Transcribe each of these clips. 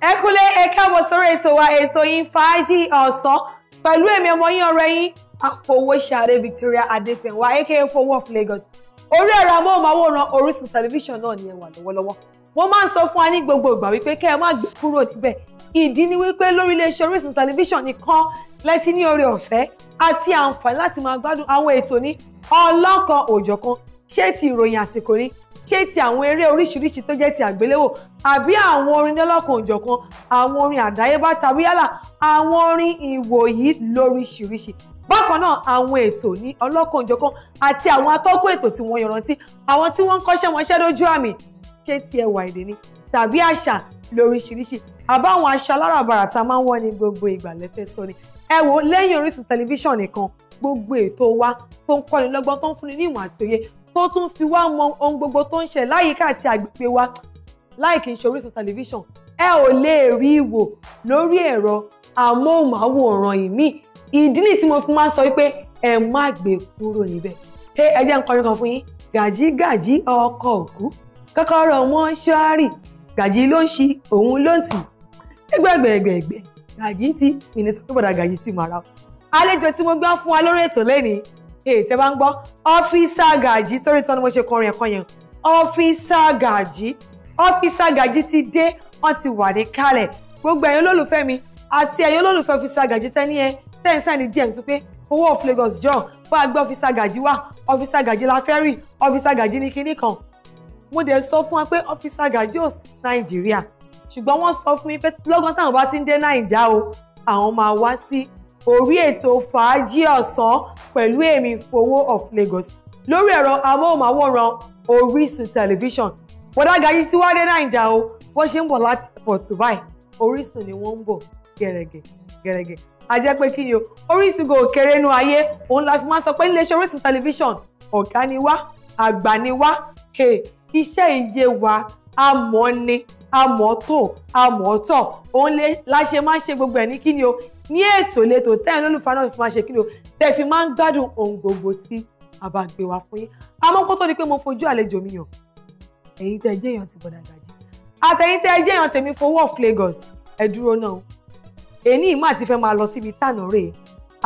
ẹ kúlé ẹ káàbọ̀ sórí ètò wa ètò yín fàájì ọ̀sán pẹ̀lú èmi ọmọ yín ọ̀rẹ́ yín Afowóṣadé Victoria Adéfẹ̀wá aka Fowó of Lagos orí ẹ̀rọ amóhùnmáwòrán Orísun tẹlifíṣàn náà ni ẹ wà lọ́wọ́lọ́wọ́ mo máa ń sọ fún wa ní gbogbo ìgbà wípé kẹ́ ẹ má gbé kúrò níbẹ̀ ìdí ni wípé lórí iléeṣẹ́ Orísun tẹlifíṣàn nìkan lẹ́tí ní oore ọ̀fẹ́ àti àǹfààní láti máa gbádùn àwọn ètò ní ọlọ́kan òjọ̀kan ṣé ti ìròyìn àsìkò ni ṣé ti àwọn eré oríṣiríṣi tó jẹ́ ti àgbéléwò àbí àwọn orin lọ́lọ́kan òjọ̀kan àwọn orin àdáyébá tàbí yálà àwọn orin ìwòyí lóríṣiríṣi bákan náà àwọn ètò ní ọlọ́kan òjọ̀kan àti àwọn atọ́kùn ètò tí wọ́n yọrantí àwọn tí wọ́n ń kọ́ṣẹ́ mọṣẹ́ lójú àmì ṣé ti ẹwà èdè ni tàbí àṣà lóríṣiríṣi àbáwọn aṣọ aláràbarà tá a máa ń wọ̀ ní gbogbo ìgbà lẹ́fẹ́ sọ ni ẹ wo lẹ́yìn Orísun tẹlifíṣàn nìkan gbogbo ètò wa tó ń kọ́ni lọ́gbọ́n tó ń fúnni ní ìmọ̀ àti òye tó tún fi wá mọ ohun gbogbo tó ń ṣe láyìíká àti àgbègbè wa láì kí n ṣe Orísun tẹlifíṣàn ẹ ò lè rí i lórí ẹ̀rọ amóhùnmáwòrán ìmí ìdí nìyí tí mo fi máa ń sọ wípé ẹ má gbé kúrò níbẹ̀ ṣé ẹ jẹ́ ń kọrin kan fún yín gàjígàjí ọkọ̀ òkú kọ́kọ́rọ́ mọ́ṣúárì gàjí ló ń ṣi òun ló ń tì gbẹgbẹgbẹgbẹ gàjí tí mi ní sọ pé bọ̀dà gàjí tí tí mo gbá fún wa lórí ètò lẹ́nìí tẹ bá ń gbọ́ ọ́fíìsà gàjí torí tí wọ́n ní mo ṣe kọrin ẹ̀kan yẹn ọ́fíìsà gàjí ọ́fíìsà gàjí ti dé wọ́n ti wà ní kalẹ̀ gbogbo ẹ̀yin olólùfẹ́ mi àti ẹ̀yin olólùfẹ́ ọ́fíìsà gàjí tẹ́ ní ẹ tẹ́ǹsán ní dm sí pé owó of Lagos john bá a gbé ọ́fíìsà gàjí wá ọ́fíìsà gàjí la fẹ́ rí ọ́fíìsà gàjí ní kinní kan mo dẹ̀ sọ fún wa pé ọ́fíìsà gàjí ò sí nàìjíríà ṣùgbọ́n wọ́n sọ fún mi pé lọ́gán táwọn bá ti ń dé nàìjà o àwọn máa wá sí orí ètò fàájì ọ̀sán pẹ̀lú èmi Fowó of Lagos lórí ẹ̀rọ amóhùnmáwòrán Orísun tẹlifíṣàn bọ̀dágayí síwádé Naija o wọ́n ṣe ń bọ̀ láti port dubai Orísun ni wọ́n ń bọ̀ gẹ̀rẹ̀gẹ̀ gẹ̀rẹ̀gẹ̀ a jẹ́ pé kí ni o Orísun gò kéré nú ayé òun la fi máa sọ pé níléeṣẹ́ Orísun tẹlifíṣàn ọ̀gá ni wá àgbà ni wá iṣẹ́ ìyé wa àmọ́ ni àmọ́ tó àmọ́ tọ̀ òun la ṣe máa ń ṣe gbogbo ẹ̀ ní kí ni o ní ètò létò tẹ́yìn lólùfà náà fi máa ṣe kílò tẹ́ fi máa ń gbádùn ohun gbogbo tí a bá gbé wá fún yín àmọ́ kó tó di pé mo fojú àlejò mi hàn ẹ̀yin tẹ́ jẹ́ èèyàn ti Bọ̀dá Gaji àtẹ̀yin tẹ́ jẹ́ èèyàn tèmi fowó of Lagos ẹ dúró náà èyí ìmọ̀ àti fẹ́ máa lọ síbi tànà rè é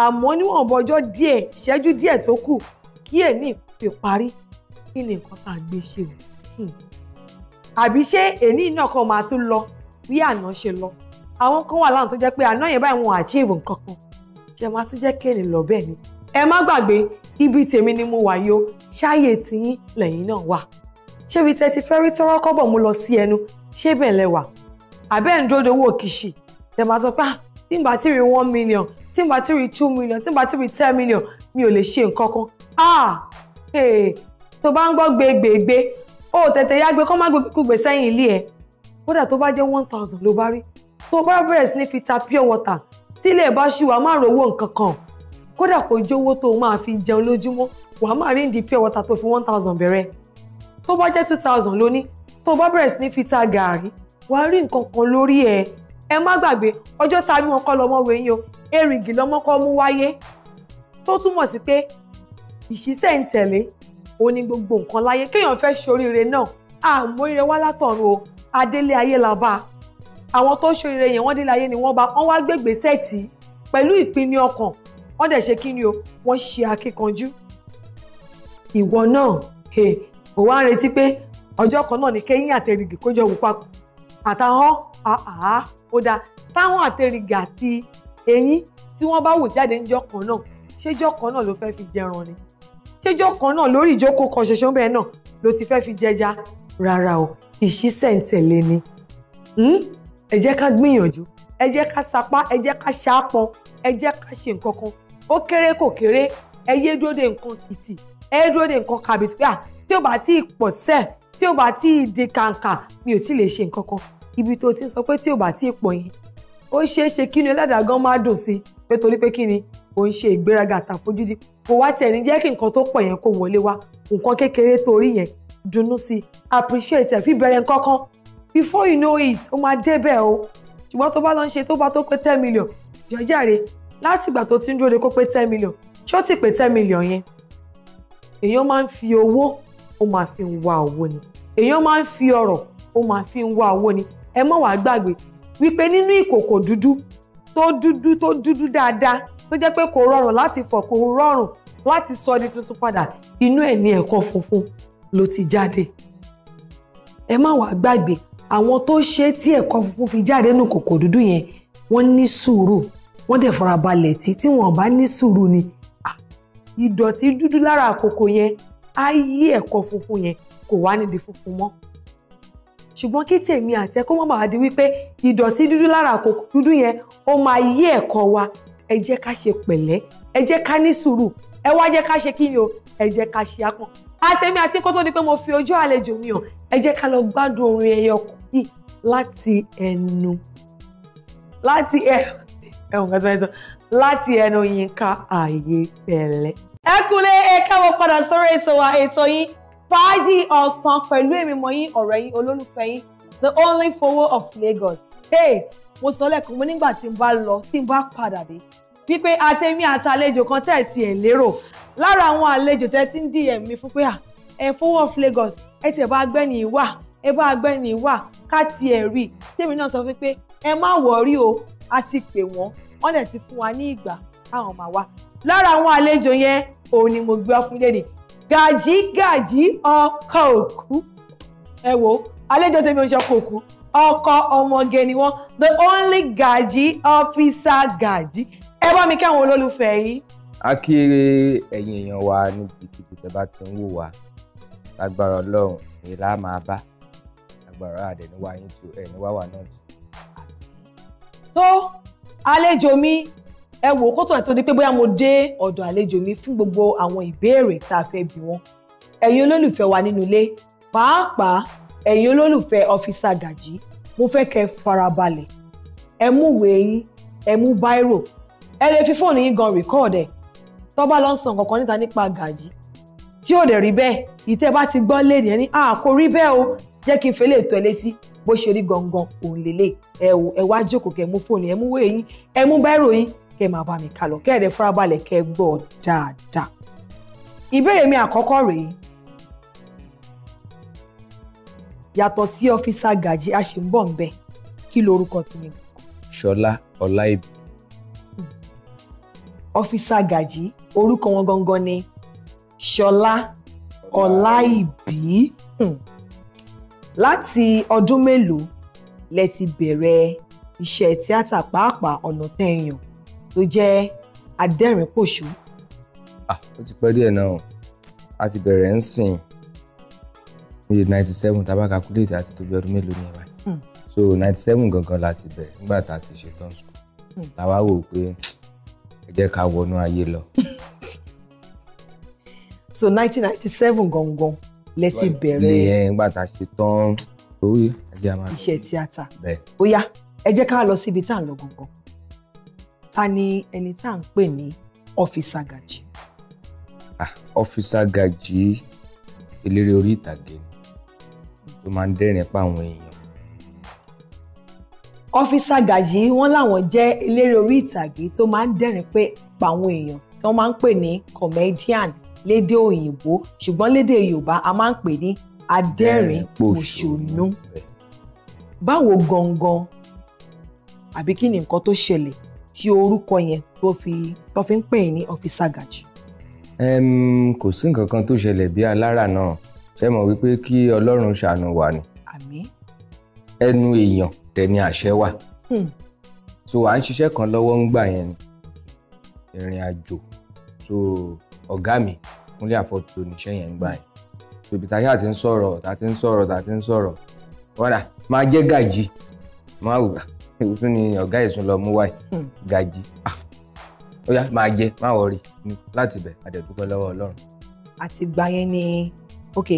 àmọ́ níwọ̀nba ọjọ́ díẹ̀ ṣẹ́jú díẹ̀ tó kù kí èmi fi parí kí ni nǹkan tá a gbé ṣe o hmm. àbí ṣé èyí náà kan máa tún lọ bí àná ṣe lọ àwọn kan wà láwọn tó jẹ́ pé àná yẹn báyìí wọn achieve nǹkan kan ṣe máa tún jẹ́ kéènì lọ bẹ́ẹ̀ ni ẹ má gbàgbé ibi tèmi ni mo wà yó ṣáàyè tiyín lẹ́yìn náà wà ṣébi tẹ́ ti fẹ́ rí tọ́rọ́ kọ́bọ̀ mú lọ sí ẹnu ṣé bẹ́ẹ̀ lẹ wà àbẹ́ ń dódò owó kìṣì tẹ̀ máa sọ pé ah tí n bá ti rí one million tí n bá ti rí two million tí n bá ti rí ten million mi ò lè ṣe nǹkan ah! tó bá ń gbọ́ gbégbégbé ó tètè yá gbé kó má gbégbé sẹ́yìn ilé ẹ̀ kódà tó bá jẹ́ one thousand ló bá rí tó bá bẹ̀rẹ̀ sí ní fi ta pure water tí ilé bá ṣì wà má rówó nǹkan kan kódà kò jówó tó máa fi jẹun lójúmọ́ wàá máa rí ìdí pure water tó fi one thousand bẹ̀rẹ̀ tó bá jẹ́ two thousand lóní tó bá bẹ̀rẹ̀ sí ní fi ta gàárì wàá rí nǹkan kan lórí ẹ̀ ẹ má gbàgbé ọjọ́ tá a bí wọn kọ́ lọ́mọ wẹ̀yìn o èrìgì lọ́mọ kọ́ mú wáyé tó túmọ̀ sí pé ìṣiṣẹ́ ń tẹ̀lé ó ní gbogbo nǹkan láyé kéèyàn fẹ́ ṣoríire náà àmóríire wá látọ̀run o adélé ayé la àwọn tó ṣoríire yẹn wọ́n dé láyé ni wọ́n bá wọ́n wá gbègbè sẹ́ẹ̀tì pẹ̀lú ìpinnu ọkàn wọ́n dẹ̀ ṣe kí ni o wọ́n ṣe akíkanjú. ìwọ náà ò wá retí pé ọjọ́ kan náà ni kẹ́yìn àtẹ̀rìgì kó jọ wù papọ̀ àtàwọn àhàhà ó dáa táwọn àtẹ̀rìgì àti eyín tí wọ́n bá wò jáde níjọ́ kan náà ṣéjọ́ kan náà ló fẹ́ẹ́ fi jẹran ni ṣéjọ́ kan náà lórí ìjókòó kan ṣoṣo bẹ́ẹ̀ náà ló ti fẹ́ẹ́ fi jẹja rárá o ìṣísẹ̀ntẹ̀lé ni. Hmm? ẹ jẹ́ ká gbìyànjú ẹ jẹ́ ká sapá ẹ jẹ́ ká ṣaápọn ẹ jẹ́ ká ṣe nǹkan kan ó kéré kò kéré ẹ yé dúró de nǹkan kìtì ẹ yé dúró de nǹkan kàbìtì pé à tí ò bá tí ì pọ̀ sẹ́ẹ̀ tí ò bá tí ì di kàǹkà mi ò tí lè ṣe nǹkan kan ibi tó ti sọ pé tí ò bá tí pọ̀ yẹn ó ṣeé ṣe kí ni ẹlẹ́dàá gan dùn sí pé torí pé kí ni ò ń ṣe ìgbéraga àtàfojúdi kò wá tiẹ̀ ní jẹ́ kí nǹkan tó pọ̀ yẹn kó wọlé wá nǹkan kékeré torí yẹn dùnnú sí appreciate ẹ̀ fi bẹ̀rẹ̀ nǹkan kan before you know it ó máa débẹ̀ o ṣùgbọ́n tó bá lọ ń ṣe tó bá tó pé ten million jọ̀ọ́jàre láti ìgbà tó ti ń dúró de kó pé ten million ṣó ti pé ten million yẹn èèyàn máa ń fi owó ó máa fi ń wá owó ni èèyàn máa ń fi ọrọ̀ ó máa fi ń wá owó ni ẹ mọ̀ wá gbàgbé wípé nínú ìkòkò dúdú tó dúdú tó dúdú dáadáa tó jẹ́ pé kò rọrùn láti fọ̀ kò rọrùn láti sọ di tuntun padà inú ẹ̀ ní ẹ̀kọ́ funfun ló ti jáde ẹ má wàá gbàgbé àwọn tó ṣe tí ẹ̀kọ́ funfun fi jáde nù kòkò dúdú yẹn wọ́n ní sùúrù wọ́n dẹ̀ fara balẹ̀ tí tí wọ́n bá ní sùúrù ni ìdọ̀tí dúdú lára àkókò yẹn á yí ẹ̀kọ́ funfun yẹn kò wá nídìí funfun mọ́ ṣùgbọ́n kí tèmi àti ẹ kó má bàa di wípé ìdọ̀tí dúdú lára àkókò dúdú yẹn ó máa yí ẹ̀kọ́ wa ẹ jẹ́ ká ṣe pẹ̀lẹ́ ẹ jẹ́ ká ní sùúrù ẹ wá jẹ́ ká ṣe kí o ẹ jẹ́ ká ṣe ápọ̀n àtẹ̀mí àti kó tó di pé mo fi ojú àlejò mi hàn ẹ jẹ́ ká lọ gbádùn orin ẹyọ kù yìí láti ẹnu láti ẹnu ẹ̀wọ̀n kan tí wọ́n sọ láti ẹnu Yínká Ayéfẹ́lẹ́. ẹ kúlé ẹ káàbọ̀ padà sórí ètò wa ètò yín fàájì ọ̀sán pẹ̀lú èmi mọ̀ yín ọ̀rẹ́ yín olólùfẹ́ yín the only fowo of Lagos. Hey, mo sọ lẹ́kùn mo nígbà tí n bá lọ tí n bá padà dé wípé àtẹ̀mí àtàlejò kan tẹ̀ ẹ̀ lérò lára àwọn àlejò tẹ́ ti ń dm mi fún pé ah, ẹ fowó of Lagos ẹ tiẹ̀ bá agbẹ́ni wà ẹ bá agbẹ́ni wà ká tiẹ̀ rí tèmi náà sọ fún pé ẹ má wọ̀rí o a ti pè wọ́n wọ́n dẹ̀ ti fún wa ní ìgbà táwọn máa wá lára àwọn àlejò yẹn òun ni mo gbé fún léde gàjí gàjí ọkọ òkú ẹ wo àlejò tèmi ò ń ṣọkọ òkú ọkọ ọmọge ni wọn the only gàjí ọfíìsà gàjí ẹ bá mi kí àwọn olólùfẹ́ yìí akéré ẹ̀yin èèyàn wa níbikíbi tẹ́ bá ti ń wò wá lágbára ọlọ́run ni lá máa bá lágbára àdẹ̀níwá yín tu ẹ̀níwá wà náà tu. tó àlejò mi ẹ wò ó kó tó ẹ̀ tó di pé bóyá mo dé ọ̀dọ̀ àlejò mi fún gbogbo àwọn ìbéèrè tá a fẹ́ bi wọ́n ẹ̀yin olólùfẹ́ wa nínú ilé pàápàá ẹ̀yin olólùfẹ́ ọ́fíìsà gàjí mo fẹ́ kẹ́ farabalẹ̀ ẹ mú ìwé yín ẹ mú báírò ẹ lè fi fóònù yín gan rìkọ́ọ̀dù tó bá lọ ń sàn kankan níta nípa gàjí tí ò dẹ̀ rí bẹ́ẹ̀ ìtẹ́ bá ti gbọ́ léèdì ẹni à ah, kò rí bẹ́ẹ̀ o jẹ́ kí n fẹ́ lè tọ́ ẹ létí bó ṣe rí gangan òun lélẹ̀ ẹ wò ẹ wá jókòó kẹ́ mú fóònù ẹ mú wé yín ẹ mú bẹ́rù yín kẹ́ máa bá mi kà lọ kẹ́ ẹ̀ dẹ̀ farabalẹ̀ kẹ́ gbọ́ dáadáa. ìbéèrè mi àkọ́kọ́ rèé yàtọ̀ sí ọ́fíìsà gàjí a ṣì ń bọ̀ ń kí lorúkọ tiyín. ṣọlá ọláìbí ọ́físà gàjí orúkọ wọn gangan ni ṣọlá ọláìbí hmm. láti ọdún mélòó lẹ ti bẹ̀rẹ̀ iṣẹ́ tíátà pàápàá ọ̀nà tẹ̀yàn tó jẹ́ adẹ́rìn-pòṣù. ah ó ti pẹ́ díẹ̀ náà a ti bẹ̀rẹ̀ ń sìn ní ninety seven tá a bá calculate àti tó ọdún mélòó ni ẹ̀wá hmm. so ninety seven gangan la ti bẹ̀rẹ̀ nígbà tá a ti ṣetán sùn làwa hmm. wò pé jẹ́ ká wọnú ayé lọ. so nineteen ninety seven gangan lẹ ti bẹ̀rẹ̀. ní ẹ̀ ńgbà tá a ṣe tán lórí ajé a máa. iṣẹ́ tíátà ó ẹ jẹ́ ká lọ síbi tá à ń lọ gangan ta ni ẹni tá à ń pè ní ọ́físà Gaji. ọ́físà ah, Gaji eléré orí ìtàgé ló máa ń dẹ́rìn pa àwọn èèyàn ọ́físà Gàjí wọ́n làwọn jẹ́ eléré orí ìtàgé tó máa ń dẹ́rìn pé pa àwọn èèyàn tí wọ́n máa ń pè ní comedian lédè òyìnbó ṣùgbọ́n lédè Yorùbá a máa ń pè ní adẹ́rìn pòṣónú báwo gangan àbí kí ni nǹkan tó ṣẹlẹ̀ tí orúkọ yẹn tó fi tó fi ń pè é ní ọ́físà Gàjí. kò sí nǹkan kan tó ṣẹlẹ̀ bí alára náà ṣe mọ̀ wípé kí Ọlọ́run ṣàánú wa ni ẹnu èèyàn tẹni àṣẹ wà hmm. so à ń ṣiṣẹ́ kan lọ́wọ́ ń gbà yẹn ìrìn àjò so ọ̀gá mi Kúnlé Àfọ̀tò níṣẹ́ yẹn ń gbà yẹn so ibi táyà ti ń sọ̀rọ̀ tá ti ń sọ̀rọ̀ tá ti ń sọ̀rọ̀ wọ́n máa jẹ́ gàjí máa wù ewu tún ni ọ̀gá ìsun lọ mú wáyé hmm. gàjí ah, ó yá máa jẹ máa wọrí láti bẹ̀ adẹ̀dúpẹ́ lọ́wọ́ Ọlọ́run. àtìgbà yẹn ni ok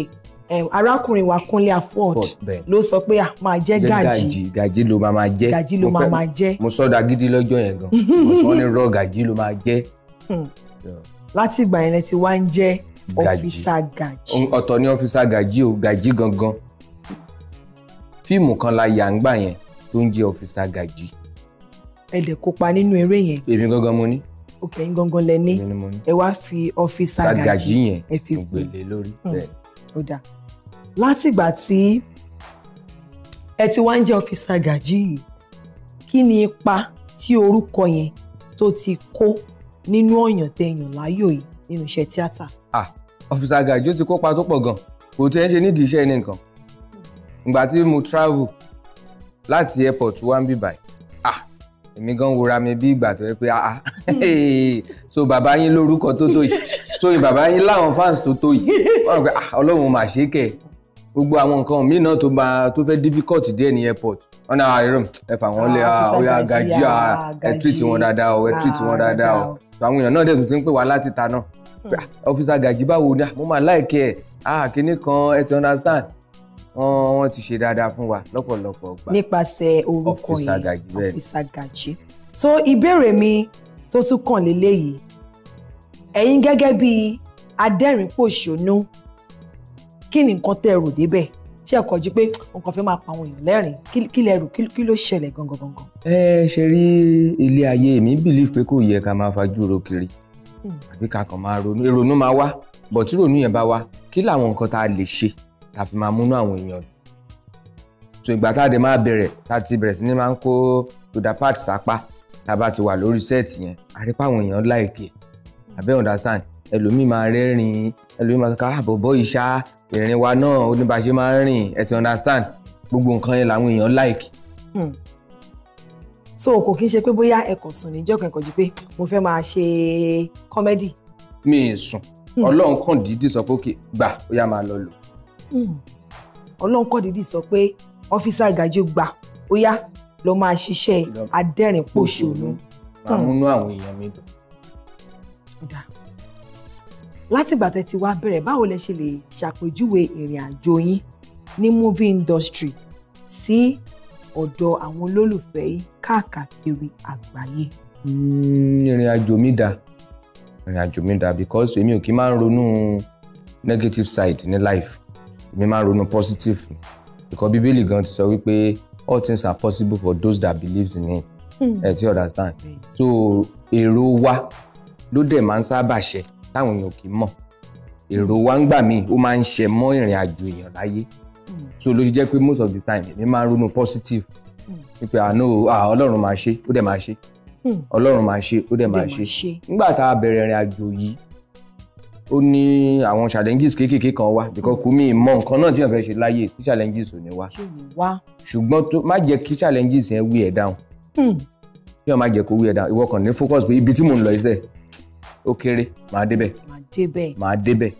arákùnrin wa Kúnlé Afọ́ọ̀d ló sọ pé a ah, máa jẹ́ gàjì gàjì ló máa máa jẹ́ gàjì ló máa máa jẹ́ mo sọ́dọ̀ agídí lọ́jọ́ yẹn gan wọ́n ní rọ gàjì ló máa jẹ́. Hmm. láti ìgbà yẹn ti wá ń jẹ́ ọ́fíìsà gàjì. ọ̀tọ̀ ni ọ́fíìsà gàjì o gàjì gangan fíìmù kan la yà ń gbà yẹn tó ń jẹ́ ọ́fíìsà gàjì. ẹ lè kópa nínú eré yẹn. èmi gangan mo ní òkè ń gangan lẹ ní ẹ wá fi ọ́fíìsà gàjì ẹ fi gbèlè lórí hmm. bẹ́ẹ̀ ó dáa látìgbà tí ẹ ti wá ń jẹ́ ọ́fíìsà Gàjí yìí kí ni ipa tí orúkọ yẹn tó ti kó nínú ọ̀yàn tẹ̀yàn láyò yìí nínú iṣẹ́ tíátà. ah ọ́fíìsà Gàjí ó ti kópa tó pọ̀ gan kò tó yẹn ṣe nídìí iṣẹ́ ẹni nǹkan ìgbà tí mo travel láti airport wá ń bì báyìí ah èmi gan wòra mi bí ìgbà tó yẹ pé ah so bàbá yín lórúkọ tó tó yìí sórí bàbá yín láwọn fans tó tó yìí wọ́n pe ah, ọlọ́run mà ṣe kẹ̀ gbogbo àwọn nǹkan míì náà tó bá tó fẹ́ difficult díẹ̀ ní airport wọ́n náà ẹ̀rọ ah, ẹ fà wọ́n lé ọ̀yà ah, gàjí ẹ treat wọn dáadáa ọ ẹ treat wọn dáadáa ọ àwọn èèyàn náà dẹ̀ tún ti ń pè wá láti ta náà ọ́fíìsà hmm. gàjí báwo dá mo máa láìkẹ́ ẹ̀ ah kínní kan ẹ ti understand wọ́n ti ṣe dáadáa fún wa lọ́pọ̀lọpọ̀ gbà. nípasẹ̀ orúkọ yẹn ọ́fíìsà gàjí tó ìbéèrè mi tó tún kàn lélẹ́yìí ẹ̀yin gẹ́gẹ́ bí adẹ́rìn-pòṣónú kí ni nǹkan tẹ́ ẹ rò débẹ̀ ṣé ẹ kọ̀ jí pé nǹkan fẹ́ máa pa àwọn èèyàn lẹ́rìn kí lẹ rò kí ló ṣẹlẹ̀ gangan gangan. ẹ ṣe rí ilé ayé mi believe pé kò yẹ ká máa fajú ro kiri hmm. àbí ká kàn máa ronú ìrònú máa wá bọ̀ tí ìrònú yẹn bá wá kí làwọn nǹkan tá a lè ṣe tá a fi máa múnú àwọn èèyàn dùn so ìgbà tá a dé máa bẹ̀rẹ̀ tá a ti bẹ̀rẹ̀ sí ni máa ń kó to the part sápá tá a bá ti wà lórí sẹ́ẹ̀tì yẹn àrípàwọn èèyàn láìkè abẹ́ understand ẹlòmíì máa rẹ́rìn ẹlòmíì máa ká àbọ̀bọ̀ ah, ìṣá ìrìn wa náà ó ní bá a ṣe máa ń rìn ẹ ti understand gbogbo nǹkan yẹn làwọn èèyàn like. Hmm. so kò kí n ṣe pé bóyá ẹ̀kọ́ sùn níjọ́ kan ìkọ̀jú pé mo fẹ́ máa ṣe kọ́mẹ́dì. mi ì sùn hmm. ọlọ́run kàn dídì sọ pé òkè gbà ó yá máa lọ lò. Hmm. ọlọ́run kàn dídì sọ pé ọ́fíìsà gàjú gbà ó yá lọ máa ṣiṣẹ́ adẹ́rìn-pòṣónú. màá múnú àwọn èèyàn mi dùn látìgbà tẹ́ ti wá bẹ̀rẹ̀ báwo lẹ ṣe lè ṣàpèjúwe ìrìn àjò yín ní movie industry sí ọ̀dọ̀ àwọn olólùfẹ́ yín káàkiri àgbáyé. Hmm, ìrìn àjò mi dá ìrìn àjò mi dá because èmi ò kí máa ń ronú negative side ní life èmi máa ń ronú positive because bíbélì gan ti sọ wípé all things are possible for those that believes in him hmm. ẹ ti understand so èrò wa ló dẹ̀ máa ń sábà ṣe táwọn èèyàn kì í mọ̀ èrò wa ń gbà míì ó máa ń ṣe mọ́ ìrìn àjò èèyàn láyé hmm. so ló ṣe jẹ́ pé most of the time èmi máa ń ronú positive hmm. wípé àánú ah, ah, ọlọ́run máa ṣe ó dẹ̀ máa ṣe hmm. ọlọ́run máa ṣe ó dẹ̀ máa ṣe nígbà tá a bẹ̀rẹ̀ ìrìn àjò yìí ó ní àwọn challenges kéékèèké kan wá because kò mí mọ nǹkan náà tí wọ́n fẹ́ ṣe láyé tí challenges ò ní wá ṣùgbọ́n tó má jẹ́ kí challenges yẹn wear down kí wọ́n má jẹ́ kó wear down ìwọ kàn ní focus pé ibi tí mò ń lọ iṣẹ́ ó kéré màá débẹ̀ màá débẹ̀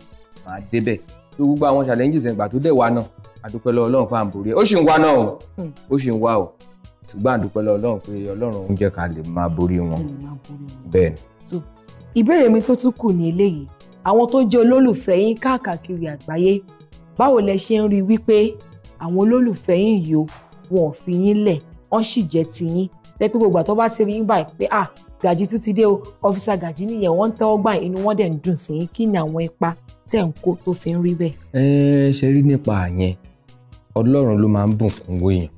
màá débẹ̀ tó gbogbo àwọn challenges ẹ̀gbà tó dẹ̀ wá náà àdúpẹ́ lọ́wọ́ ọlọ́run fún àǹborí ó sì ń wá náà o hmm. ó sì ń wá o ṣùgbọ́n àdúpẹ́ lọ́wọ́ ọlọ́run pé ọlọ́run ń jẹ́ ká lè máa borí wọn bẹ́ẹ̀ ni. ìbéèrè mi tó tún kù ní eléyìí àwọn tó jẹ́ olólùfẹ́ yín káàkiri àgbáyé báwo lẹ ṣe ń rí wípé àwọn olólùfẹ́ yín yìí wọn fi yín lẹ̀ wọ́n sì jẹ́ tiyín jẹ́ pé gbogbo àtọ́ bá ti rí yín pé ah Gàjí tún ti dé o ọ́fíìsà Gàjí nìyẹn wọ́n ń tẹ́wọ́ gbà inú wọn dẹ̀ ń dùn sí kí ni àwọn ipa tẹ̀ ń kó tó fi ń rí bẹ́ẹ̀. ẹ ẹ ṣe rí nípa àyẹn Ọlọ́run ló máa ń bùnkún wéyàn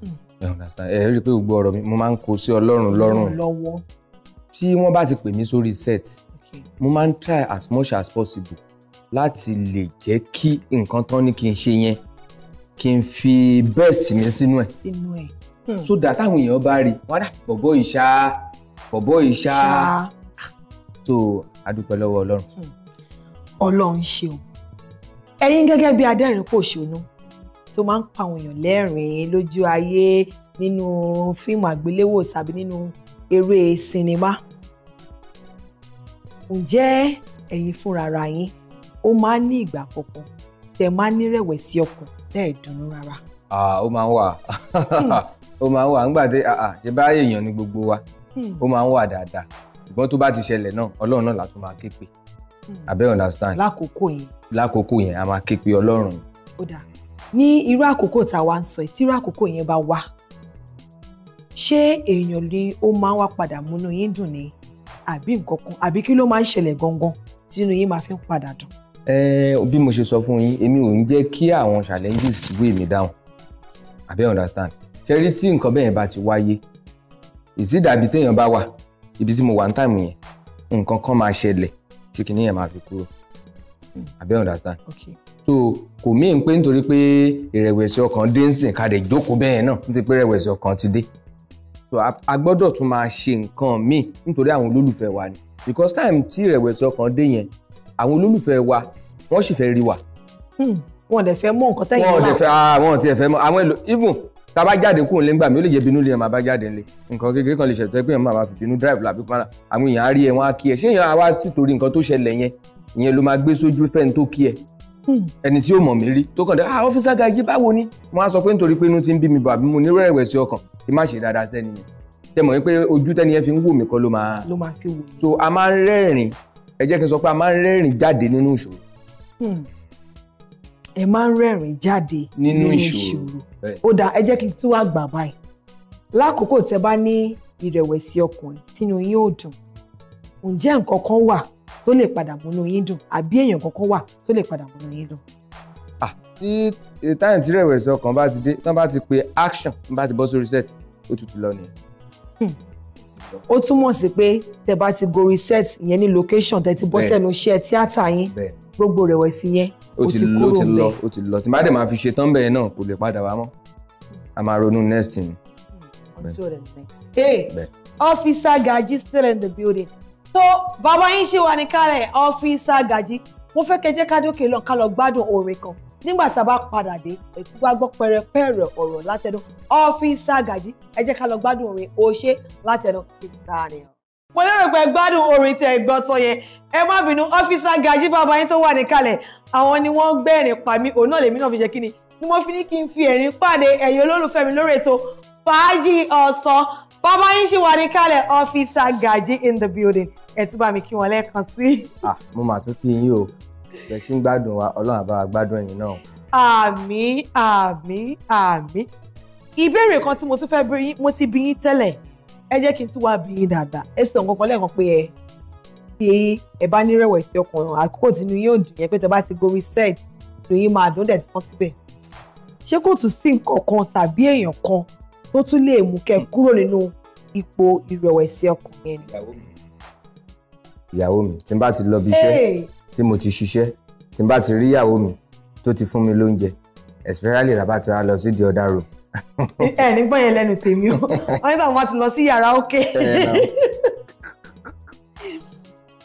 hmm. ẹ rí i pé gbogbo ọ̀rọ̀ mi mo máa ń kó sí Ọlọ́run lọ́rùn tí wọ́n bá ti pè mí sórí set mo máa ń try as much as possible láti lè jẹ́ kí nǹkan tán ní kí n ṣe yẹn kí n fi best mi sínú ẹ̀ Hmm. so dà táwọn èèyàn bá rí wọn dà bọ̀bọ̀ ìṣá bọ̀bọ̀ ìṣá so adúpẹ́ lọ́wọ́ ọlọ́run. Hmm. ọlọ́run ṣeun ẹ̀yin gẹ́gẹ́ bí adẹ́rìn-pòṣónú tó máa ń pa àwọn èèyàn lẹ́rìn-ín lójú ayé nínú fíìmù àgbéléwò tàbí nínú eré sinimá ǹjẹ́ ẹ̀yin fúnra ara yín ó máa ń ní ìgbà kankan tẹ́ máa ń nírẹ̀wẹ̀sì ọkàn tẹ́ ẹ̀ rárá. ó máa ń wà hmm. ó máa ń wà ńgbà tí àà ṣe bá èèyàn ní gbogbo wa hmm. ó máa ń wà dáadáa ṣùgbọ́n tó bá ti ṣẹlẹ̀ náà ọlọ́run náà látún máa ké hmm. abẹ́ understand. lákòókò yẹn. lákòókò yẹn a máa ké pe ọlọ́run. ó dà ní irú àkókò tá a wá ń sọ tí irú àkókò yẹn bá wà ṣé èèyàn ni ó máa ń wá padà múnú yín dùn ní àbí nǹkan kan àbí kí ló máa ń ṣẹlẹ̀ gangan tínú yín máa fi ń padà dùn. ẹ bí mo ṣe sọ fún yín èmi ò ń jẹ́ kí àwọn challenges wé mi down àbẹ́ understand ṣẹ́rí tí nǹkan bẹ́ẹ̀ bá ti wáyé ìsídàbí téèyàn bá wà ibi tí mo wà ní táìmù yẹn nǹkan kan máa ṣẹlẹ̀ tí kìíní yẹn máa fi kúrò àbí hmm. understand. Okay. so kò mí n pé nítorí pé ìrẹ̀wẹ̀sì ọkàn dé ń sìn kadẹ̀ jókòó bẹ́ẹ̀ náà nítorí pé ìrẹ̀wẹ̀sì ọkàn ti dé so a gbọ́dọ̀ tún máa ṣe nǹkan míì nítorí àwọn olólùfẹ́ wa ni because time tí ìrẹ̀wẹ̀sì ọkàn dé yẹn àwọn olólùfẹ́ wa wọ́n sì fẹ́ rí wa. Hmm. wọn ò dẹ̀ fẹ́ mọ̀ nǹkan tẹ́yìn náà. wọn ò dẹ̀ fẹ́ ah ò tiẹ̀ fẹ́ mọ̀ àwọn èlò even tá a bá jáde kúrò nílé ńgbà mi ó lè jẹ́ bínú lè máa bá jáde nílé nǹkan kékeré kan lè ṣẹ̀tọ́ ẹgbẹ́ yẹn máa máa fi bínú drive làbí pàrà àwọn èèyàn á rí ẹ wọn á kí ẹ ṣé èèyàn á wá sí torí nǹkan tó ṣẹlẹ̀ yẹn ìyẹn ló máa gbé sójú fẹ́ni tó kí ẹ hmm. ẹni tí ó mọ̀ mí rí tó kàn dé ah ọ́fíìsà gàjí báwo ni mo á sọ pé nítorí pé inú ti ń bí mi bọ̀ àbí mo ní rẹ̀wẹ̀sì ọkàn kí má ṣe dáadáa sẹ́ni yẹn tẹ mọ̀ pé ojú tẹ́ni yẹn fi ń wò mí kọ́ ló máa ló máa fi wò so a máa ń rẹ́rìn ẹ jẹ́ kí n sọ pé a máa ń rẹ́rìn jáde nínú ìṣòro hmm ẹ máa ń rẹ́rìn jáde nínú ìṣòro ó dáa ẹ jẹ́ kí n tún wá gbà báyìí lákòókò tẹ bá ní ìrẹ̀wẹ̀sì ọkàn tínú yín ò dùn ǹjẹ́ nǹkan kan wà tó lè padà múnú yín dùn àbí èèyàn kankan wà tó lè padà múnú yín dùn. tí táyà tí rẹ̀wẹ̀sì ọkàn bá ti dé tán bá ti pe action tán bá ti bọ́ sórí set ó tutù lọ nìyẹn. Hmm. ó túmọ̀ sí pé tẹ bá ti gorí set yẹn ní location tẹ ti bọ́ sẹ́nu iṣẹ́ tíátà yín gbogbo rẹ̀wẹ̀sì yẹn ó ti lọ ó ti ó ti lọ tí bá dẹ̀ máa fi ṣe tán bẹ́ẹ̀ náà kò lè padà wá mọ́ a máa ronú next thing. until hmm, the officer Gaji still in the building. so bàbá yín ṣì wà ní kálẹ̀ officer Gaji mo fẹ́ kẹjẹ́ kádókè lọ ká lọ gbádùn orin kan nígbà tá a bá padà dé ètò gbọ́ pẹrẹpẹrẹ ọ̀rọ̀ látẹnu officer Gaji ẹ jẹ́ ká lọ gbádùn orin ó ṣe látẹnu Mr. Daniel mo lérò pé gbádùn orin tí ẹ gbọ́ tọ́ yẹn ẹ má bínú ọ́fíìsà Gaji bàbá yín tó wà níkàlẹ̀ àwọn ni wọ́n gbẹ̀rín pa mí òun náà lèmi náà fi jẹ́ kí ni ni mo fi ní kí n fi ẹ̀rín pàdé ẹ̀yin olólùfẹ́ mi lórí ètò fàájì ọ̀sán bàbá yín ṣì wà níkàlẹ̀ ọ́fíìsà Gaji in the building ẹ tún bá mi kí wọn lẹ́ẹ̀kan sí. mo mà tún kí yín o bẹ́ẹ̀ ṣì ń gbádùn wa ọlọ́run àbá wa gbádùn ẹ̀yin náà. àmín àmín àmín ìbéèrè kan tí mo tún fẹ́ bí yín mo ti bí yín tẹ́lẹ̀ ẹ jẹ́ kí n tún wá bí yín dáadáa ẹ sọ nǹkan kan lẹ́ẹ̀kan pé ẹ tí ẹ bá ní rẹ̀wẹ̀sì ọkàn àkókò tí inú yóò dùn yẹn pé tẹ bá ti gorí set lóyún máa dún dẹ̀ tán síbẹ̀ ṣé kò tún sí nǹkan kan tàbí èèyàn kan tó tún lè mú kẹ kúrò nínú ipò ìrẹ̀wẹ̀sì ọkàn yẹn. ìyàwó mi tí n bá ti lọ bí iṣẹ́ tí mo ti ṣiṣẹ́ tí n bá ti rí ìyàwó mi tó ti fún mi lóúnjẹ especially rabati wa lọ sí the other room ẹ ní gbọ́n yẹn lẹ́nu tèmi o wọ́n nígbà wọn ti lọ sí yàrá òkè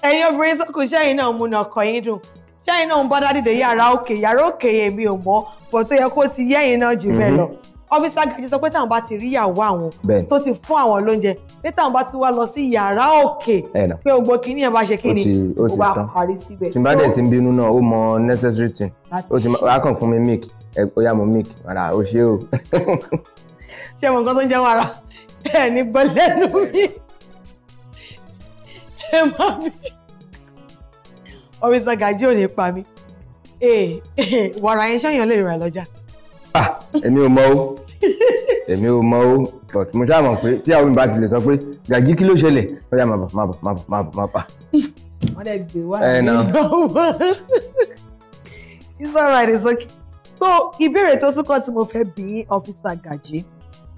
ẹ̀yin obìnrin tó kù sẹ́yìn náà múnà ọkọ yín dùn sẹ́yìn náà ń bá dádìde yàrá òkè yàrá òkè èmi ò mọ̀ bọ̀ tó yẹ kó ti yẹ́yìn náà jù bẹ́ẹ̀ mm-hmm. lọ ọfíìsì àgbẹ̀jẹ̀ sọ pé táwọn bá ti rí ìyàwó àwọn tó ti fún àwọn lóúnjẹ pé táwọn bá ti wá lọ sí yàrá òkè pé gbogbo kìíní yẹn bá ṣe kí ni ó bá parí síbẹ̀. tí n bá dẹ̀ ti ń bínú náà ó mọ necessary thing ó ti máa fún mi milk ẹ kó yá mo mic ara ó ṣe o. ṣé mo nǹkan tó ń jẹ́ wàrà ẹ ní gbọ́ lẹ́nu mi ẹ má bí orí sàgàjì ò ní pa mi eh, eh, wàrà yẹn ṣọ́yàn lè rà lọ́jà. èmi ò mọ o èmi ò mọ o but mo ṣáà mọ̀ pé tí àwọn mi bá ti lè sọ pé gàjí kí ló ṣẹlẹ̀ ó yà má bọ̀ má bọ̀ má bọ̀ má bọ̀ má bọ̀. wọ́n lè gbé wàrà yẹn lọ́wọ́ it's alright it's okay so ìbéèrè tó tún kàn tí mo fẹ́ bí ọ́fíìsà Gàjí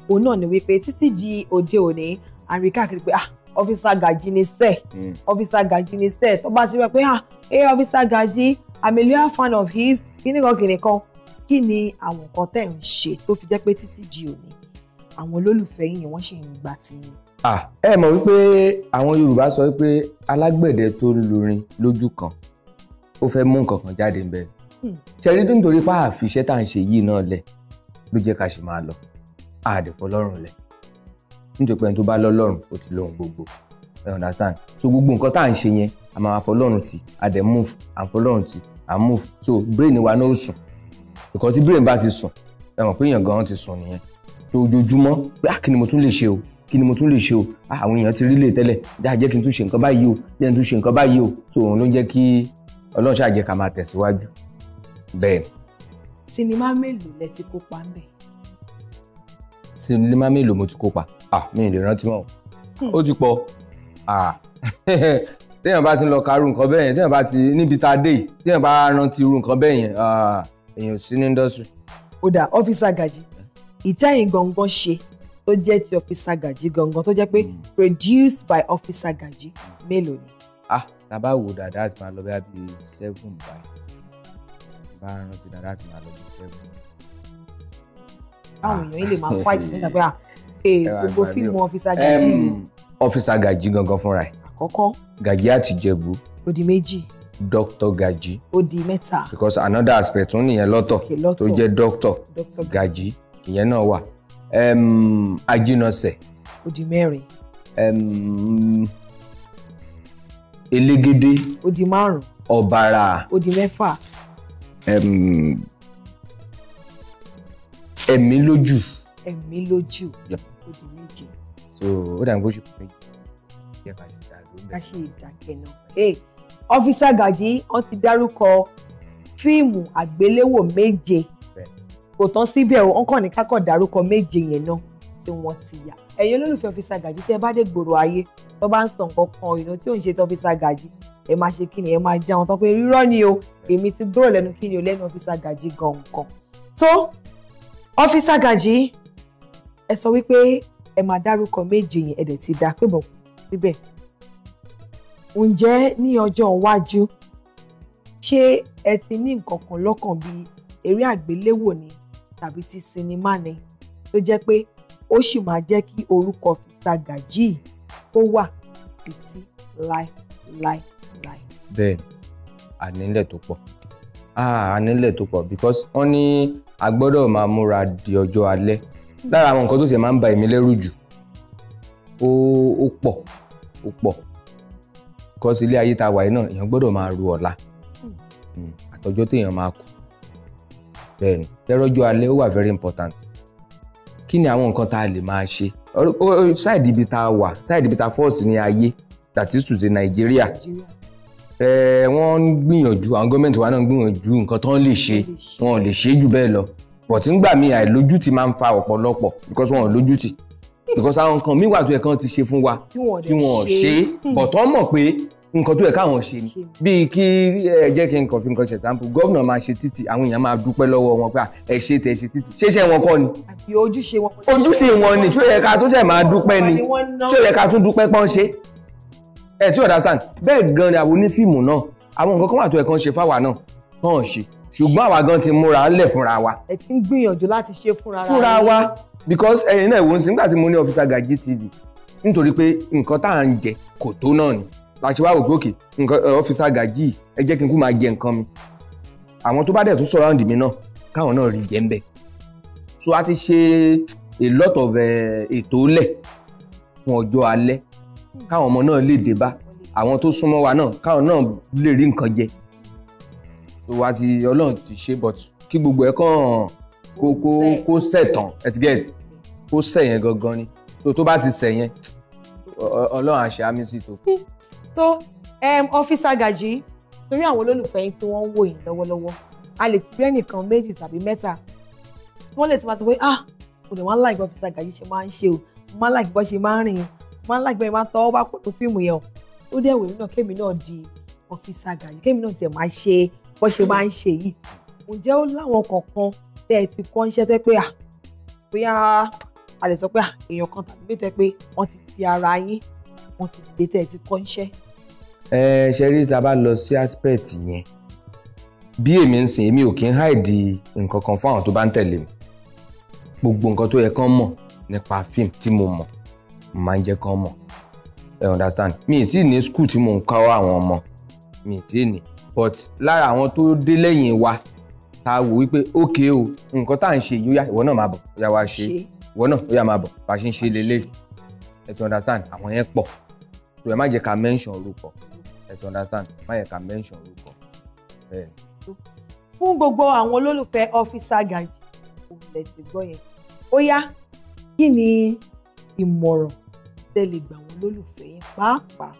òun náà ni wípé títí di òde òní àrùn káàkiri pé ah ọ́fíìsà Gàjí ni sẹ́ ọ́fíìsà hmm. Gàjí ni sẹ́ tó bá ti wẹ́ pé ah ẹ ọ́fíìsà Gàjí I'm a loyal fan of his kíníkan kìnìkan kí ni àwọn nǹkan tẹ̀ ń ṣe tó fi jẹ́ pé títí di òní àwọn olólùfẹ́ yìnyín wọ́n ṣì ń gbà tí. ẹ mọ̀ wípé àwọn Yorùbá sọ wípé alágbẹ̀dẹ tó ń lurin lójú kan ó fẹ́ mú nǹkan kan jáde ń bẹ́ẹ̀ ṣẹ̀rí tó nítorí pa àfi iṣẹ́ tá à ń ṣe yìí náà lẹ̀ ló jẹ́ ká ṣe máa lọ àdìpọ̀ lọ́rùn lẹ̀ nítorí pé ẹni tó bá lọ́lọ́run ó ti lóhun gbogbo ẹ understand so gbogbo nǹkan tá à ń ṣe yẹn a máa fọlọ́run tì a dẹ̀ move a ń fọlọ́run tì a ń move so brain wa náà ó sùn nǹkan tí brain bá ti sùn ẹ mọ̀ pé èèyàn gan-an ti sùn nìyẹn tó ojoojúmọ́ pé ah, kí ni mo tún lè ṣe o kí ni mo tún lè ṣe o ah, àwọn èèyàn ti rí lè tẹ́lẹ̀ jẹ́ kí n tún ṣe nǹkan báyìí o jẹ́ kí n tún ṣe nǹkan báyìí o so òun ló ń jẹ́ kí ọlọ́run ṣáà jẹ́ ká máa tẹ̀síwájú bẹ́ẹ̀. sinimá mélòó lẹ ti kópa ń bẹ̀. sinimá mélòó mo ti kópa ah mi ì lè rántí mọ́ hmm. ó ti pọ̀ ah téèyàn bá ti ń lọ karú nǹkan bẹ́ẹ̀ yẹn téèyàn bá ti níbi tá a dé yìí téèyàn bá rántí irú nǹkan bẹ́ẹ̀ yẹn èèyàn ò sí ní industry. ó dà ọ́fíìsà gàjì ìtẹ́yìn gangan ṣe tó jẹ́ ti ọ́fíìsà gàjì gangan tó jẹ́ pé hmm. produced by ọ́fíìsà gàjì mélòó ni. ah tá a bá wò dáadáa ti máa lọ bí i seven by bá rántí dáadáa àti màá lọ bí sẹ́gun. báwọn èèyàn yìí lè máa fight fún ah. pé à ah, eh, gbogbo fíìmù ọ̀fíìsà gàjí. ọ̀fíìsà gàjí gangan fúnra ẹ̀. àkọ́kọ́. gàjí àtìjẹ̀bù. ó di méjì. Dr. Gaji. Odi di mẹ́ta. because another aspect tún nìyẹn lọ́tọ̀ tó jẹ́ Dr. Gaji ìyẹn náà wà. ajínọsẹ̀. ó di mẹ́rin. elégédé. ó di márùn. ọ̀bàrà. ó di mẹ́fà ẹ̀mí lójú. ẹ̀mí lójú ó di méje. so ó dà ń gbójú fún mi ká ṣe ìdàgbé náà. ká ṣe ìdàgbé náà. ọ́físà Gàjí wọ́n ti dárúkọ fíìmù àgbéléwò méje kò tán síbẹ̀ o wọ́n kàn ní ká kàn dárúkọ méje yẹn náà tí wọ́n ti yà ẹ̀yin olólùfẹ́ Ọfísà Gàjí tẹ́ bá dé gbòòrò ayé tó bá ń sọ nǹkan kan ìná tí ò ń ṣe tí Ọfísà Gàjí ẹ máa ṣe kí ni ẹ máa jáwọn tán pé rírọ́ ni o èmi ti gbòòrò lẹ́nu kí ni o lẹ́nu Ọfísà Gàjí gangan tó Ọfísà Gàjí ẹ sọ wípé ẹ máa dárúkọ méje yẹn ẹ dẹ̀ ti dá pé bọ̀ síbẹ̀ ǹjẹ́ ní ọjọ́ iwájú ṣé ẹ ti ní nǹkan kan lọ́kàn bíi eré àgbéléwò ni tàbí ti sinimá ni tó jẹ́ pé ó sì máa jẹ́ kí orúkọ Fisagaji kó wà títí láíláí láí. bẹ́ẹ̀ ànílẹ̀ tó pọ̀ ànílẹ̀ tó pọ̀ because wọ́n ní a gbọ́dọ̀ máa múra di ọjọ́ alẹ́ lára àwọn nǹkan tó sì máa ń ba èmi lẹ́rù jù ó pọ̀ ó pọ̀ because ilé ayé tá wà yìí náà èèyàn gbọ́dọ̀ máa ro ọ̀la hmm. Hmm, àtọjọ́ téèyàn máa kú bẹ́ẹ̀ ni tẹ́rọ́jọ́ alẹ́ ó wà very important kí ni àwọn nǹkan tá a lè máa ṣe ṣáìdì ibi tá a wà ṣáìdì ibi tá a fọ́ọ̀sì ní ayé that is to say nàìjíríà wọ́n ń gbìyànjú àwọn gọ́ọ̀mẹ̀ntì wa náà ń gbìyànjú nǹkan tó ń lè ṣe wọn ò lè ṣe jù bẹ́ẹ̀ lọ bọ̀tí ń gbà mí àìlójútì máa ń fa ọ̀pọ̀lọpọ̀ because wọn ò lójútì because àwọn nǹkan míì wà tó yẹ kán ti ṣe fún wa tí wọn ò ṣe bọ̀tọ́ mọ̀ pé nǹkan tó yẹ káwọn ṣe ni bíi kí ẹ jẹ́ kí n kàn fi nǹkan ṣe sample gómìnà máa ṣe títì àwọn èèyàn máa dúpẹ́ lọ́wọ́ wọn pé ẹ ṣe tẹ ṣe títì ṣéṣe wọn kọ́ ni. ojúṣe wọn ojúṣe wọn ni tí ó yẹ ká tó jẹ́ máa dúpẹ́ ni tí ó yẹ ká tún dúpẹ́ pọ́n ṣe. ẹ tí ọ̀dà sàn bẹ́ẹ̀ gan ni àwọn onífíìmù náà àwọn nǹkan kan wà tó yẹ kán ṣe fáwa náà náà ṣe ṣùgbọ́n àwa gan ti múra lẹ̀ fúnra wa. ẹ ti ń gbìyànjú láti ṣe fúnra wa. fúnra wa because ẹ̀yin náà ìwòsàn nígbà tí mo ní Officer Gaji TV nítorí pé nǹkan tá à ń jẹ kò tó náà ni láti wá ògbó òkè nǹkan ọ́fíìsà eh, gàjí ẹ jẹ́ kí n kú máa jẹ nǹkan mi àwọn tó bá dẹ̀ tún surround mi náà káwọn náà rí jẹ́ ń bẹ̀ so a ti ṣe a lot of eh, ètò lẹ̀ fún ọjọ́ alẹ́ káwọn ọmọ náà lè dé bá àwọn tó súnmọ́ wa náà káwọn náà lè rí nǹkan jẹ so wa ti ọlọ́run ti ṣe but kí gbogbo ẹ̀ kàn kó kó kó sẹ̀ tán etiquette kó sẹ̀ yẹn gangan ni tó tó bá ti sẹ̀ yẹn ọlọ́run àṣà mi sì tó so um, Officer Gaji torí àwọn olólùfẹ́ yín tí wọ́n ń wò yín lọ́wọ́lọ́wọ́ a lè ti rí ẹnìkan méjì tàbí mẹ́ta tí wọ́n lè ti máa sọ pé ah kò lè wọ́n láì bí Officer Gaji ṣe máa ń ṣe o máa láì bọ́ ṣe máa ń rìn o máa láì bọ́ ṣe máa ń tọ́wọ́ bá pẹ̀lú fíìmù yẹn o ó dẹ̀ wèmí náà kémi náà di Officer Gaji kémi náà tiẹ̀ máa ṣe bọ́ ṣe máa ń ṣe yìí ǹjẹ́ ó láwọn kọ̀ọ̀kan tẹ́ ẹ ti kọ́ ń ṣẹ́ tẹ́ pé à ah, bóyá a lè sọ pé à ah, èèyàn kan tàbí méjì tẹ́ pé wọ́n ti ti ara yín wọ́n ti gbé tẹ́ ẹ ti kọ́ ń ẹ ṣe rí tá a bá lọ sí aspect yẹn bí èmi ń sìn èmi ò kí ń háìdì nǹkan kan fún àwọn tó bá ń tẹ̀lé mi gbogbo nǹkan tó yẹ kán mọ̀ nípa fíìmù tí mo mọ̀ máa ń jẹ́ kán mọ̀ ẹ understand mi ì tí ì ní school tí mo ń kọ́ àwọn ọmọ mi ì tí ì ní but lára àwọn tó dé lẹ́yìn wa ta wò wípé ok o nǹkan tá à ń ṣe yóò yá ìwọ náà máa bọ̀ yá wa ṣe ìwọ náà ó máa bọ̀ bá a ṣe ń ṣe lélẹ́yìí ẹ ti understand àwọn yẹn pọ̀ so ẹ má jẹ́ ká mention orúkọ Let's understand má yẹ ká mention orúkọ bẹ́ẹ̀. fún gbogbo àwọn olólùfẹ́ ọ́fíìsà gàjì òun lè ti gbọ́ yẹn ó yá kí ni ìmọ̀ràn tẹ lè gbà wọ́n lólùfẹ́ yẹn pàápàá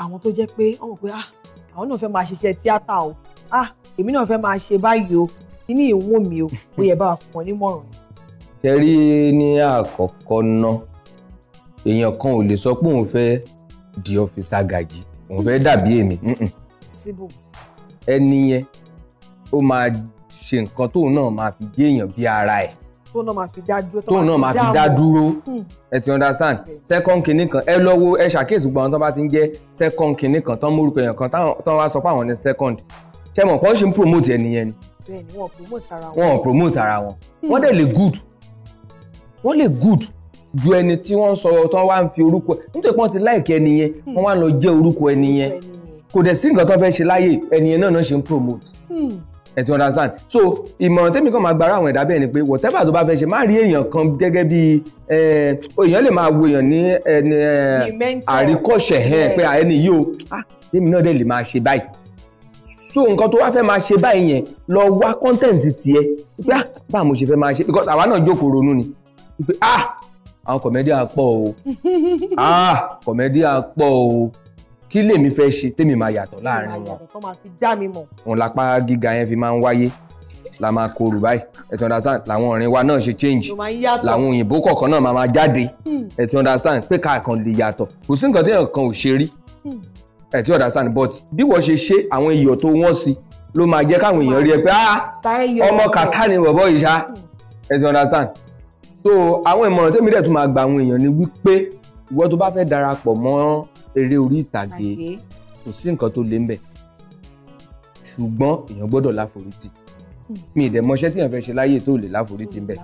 àwọn tó jẹ́ pé wọ́n mọ̀ pé ah àwọn náà fẹ́ máa ṣiṣẹ́ tíátà o ah èmi náà fẹ́ máa ṣe báyìí o kíní ìwọ̀n mi o ó yẹ bá wa fún wọn nímọ̀ràn. tẹ́rí ní àkọ́kọ́ ná èèyàn kan ò lè sọ pé òun fẹ́ di ọ́fíìsà gàjì òun fẹ́ dàbí èmi ẹni yẹn ó máa ṣe nǹkan tóun náà máa fi déèyàn bí ara ẹ̀ tóun náà máa fi dá dúró tóun náà máa fi dá dúró hmm. ẹ ti understand second kinní kan ẹ lọ wo ẹ ṣàkíyèsí gbọ́n tó bá ti ń jẹ́ second kinní kan tán mórúkọ èèyàn kan táwọn wá sọ pé àwọn ní second tẹmọ̀ kọ́ ṣe ń promote ẹni yẹn ni wọn promote ara wọn wọn promote ara wọn hmm. wọn dẹ̀ lè good wọn lè good ju ẹni tí wọ́n ń sọ̀rọ̀ tán wá ń fi orúkọ nítorí pé wọ́n ti láìkí ẹni yẹn hmm. wọ́n wá lọ jẹ́ orúkọ ẹni yẹn hmm. kò dẹ̀ sí nǹkan tó fẹ́ ṣe láyè ẹni yẹn náà náà ṣe ń promote hmm. ẹ ti understand so ìmọ̀ràn tẹ́mi kan máa gbára àwọn ẹ̀dá bẹ́ẹ̀ ni pé whatever tó bá fẹ́ ṣe má rí èèyàn kan gẹ́gẹ́ bí èèyàn lè máa wo èèyàn ní àríkọ̀ṣẹ̀ hẹ́n pé ẹni yìí o tẹ́mi ah, náà dẹ̀ lè máa ṣe báyìí so nǹkan tó wá fẹ́ máa ṣe báyìí yẹn lọ wá content tiẹ̀ pé ah báwo mo ṣe fẹ́ máa ṣe because àwa náà jókòó ronú ni pé ah àwọn comedian pọ̀ o ah comedian pọ̀ o kí lèmi fẹ́ ṣe tèmi máa yàtọ̀ láàrin wọn òun lápá gíga yẹn fi máa ń wáyé la máa korò báyìí ẹ ti understand làwọn ọ̀rìn wa náà ṣe change làwọn òyìnbó kọ̀ọ̀kan náà máa máa jáde hmm. ẹ ti understand pé káàkan lè yàtọ̀ kò sí nǹkan tí èèyàn kan ò ṣe rí hmm. ẹ ti understand but bí wọ́n ṣe ṣe àwọn iyọ̀ tó wọ́n sí ló máa jẹ́ káwọn èèyàn rí ẹ pé ah ọmọ kàtá ni bọ̀bọ̀ yìí ṣá hmm. ẹ ti understand so àwọn ìmọ̀ràn tẹ́mi dẹ̀ tún máa gba àwọn èèyàn ni wípé ìwọ tó bá fẹ́ darapọ̀ mọ́ eré orí ìtàgé kò sí nǹkan tó lé ń bẹ̀ ṣùgbọ́n èèyàn gbọ́dọ̀ láforítì mi ì dẹ̀ mọṣẹ́ tí èèyàn fẹ́ ṣe láyè tó lè láforítì ń bẹ̀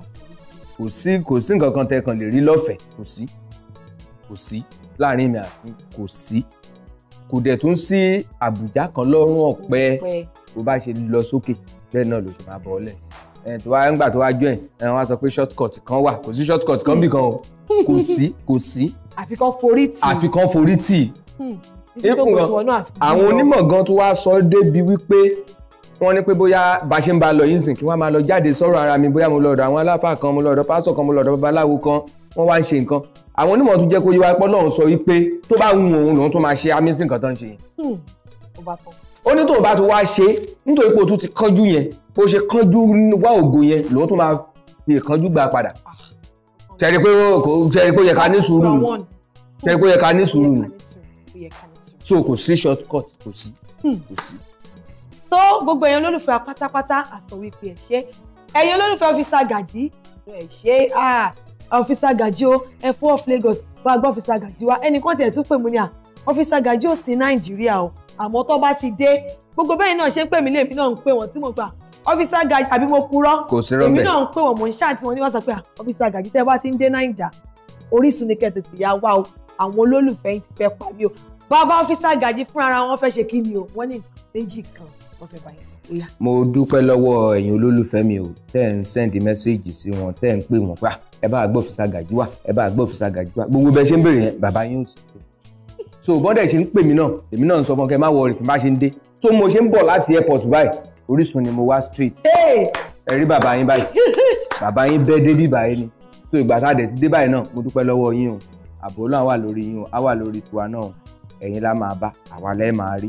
kò sí kò sí nǹkan kan tẹkàn lè rí lọ́fẹ̀ẹ́ kò sí kò sí láàrin mi àti kò sí kò dẹ̀ tún sí àbùjá kan lọ́rùn ọ̀pẹ bó bá ṣe lọ sókè bẹ́ẹ̀ náà ló ṣe máa Eh, ẹ tó wá ńgbà tó wá join ẹ wọ́n sọ pé short cut kan wà kò sí short cut kan bì kan o hmm. kò sí kò sí. àfikàn forí tì. àfikàn forí tì. ìfún hmm. gan àwọn onímọ̀ gan tó wá sọ débi wípé wọ́n ní pé bóyá bá ṣe ń ba lọ yìí sìn kí wọ́n máa lọ jáde sọ̀rọ̀ ara mi bóyá mo lọ́dọ̀ àwọn aláfà kan mo lọ́dọ̀ pásọ̀ kan mo lọ́dọ̀ babaláwo kan wọ́n wá ń ṣe nǹkan àwọn onímọ̀ tún jẹ́ kó yíwá pọ́ náà sọ wípé tó bá wù òun lòun tó máa ṣe amísìn kan tó ń ṣe hmm. ó bá tọ́ ó ní tó bá ti wá ṣe nítorí pé o tún ti kánjú yẹn bó ṣe kánjú wá ògo yẹn lòun tún máa fi ìkánjú gbà padà tẹ̀rí pé tẹ̀rí pé ó yẹ ká ní sùúrù nù tẹ̀rí pé ó yẹ ká ní sùúrù nù so kò sí short cut kò sí hmm. kò sí. so gbogbo ẹ̀yin olólùfẹ́ pátápátá àsọ wípé ẹ̀ ṣe ẹ̀yin olólùfẹ́ ọ́fíìsà gàjí ẹ̀ ṣe ọ́fíìsà gàjí o ẹ̀ fún off Lagos bá a gbọ́ ọ́fíìsà gàjí wa ẹnì kan tiẹ̀ tún pè mí ní à ọ́físà Gaji ò sí nàìjíríà o àmọ́ tó bá ti dé gbogbo bẹ́ẹ̀ náà ṣe ń pè mí lèmi náà ń pè wọ́n tí mo gbà ọ́físà Gaji àbí mo purọ́ èmi náà ń pè wọ́n mò ń ṣáàtì wọn ní wọ́n sọ pé ọ́físà Gaji tẹ́ bá ti ń dé nàìjà Orísun ni kẹtẹ̀tẹ̀ yá wá o àwọn olólùfẹ́ yín ti fẹ́ pa mí o bàbá ọ́físà Gaji fúnra wọn fẹ́ ṣe kí ni o wọ́n ní méjì kan wọ́n báyìí sí i. mo dúpẹ́ lọ́wọ́ ẹ̀yin olólùfẹ́ mi o tẹ́ ẹ̀ ń sẹ́ndí mẹ́sẹ́ẹ̀jì sí wọn tẹ́ ẹ̀ ń Gaji wá ẹ bá Gaji wá gbogbo bẹ́ẹ̀ ṣe ń so bọ́dẹ̀ ṣe ń pè mí náà èmi náà ń sọ fún kẹ́ má wọrí tí bá ṣe ń dé so mo ṣe ń bọ̀ láti airport báyìí Orísun ni mo wá street ẹ rí bàbá yín báyìí bàbá yín bẹ́ẹ̀ dé báyìí ni so ìgbà tá a dẹ̀ ti dé báyìí náà mo dúpẹ́ lọ́wọ́ yín o àbò náà wà lórí yín o á wà lórí tiwa náà ẹ̀yin la máa bá àwa lẹ́ máa rí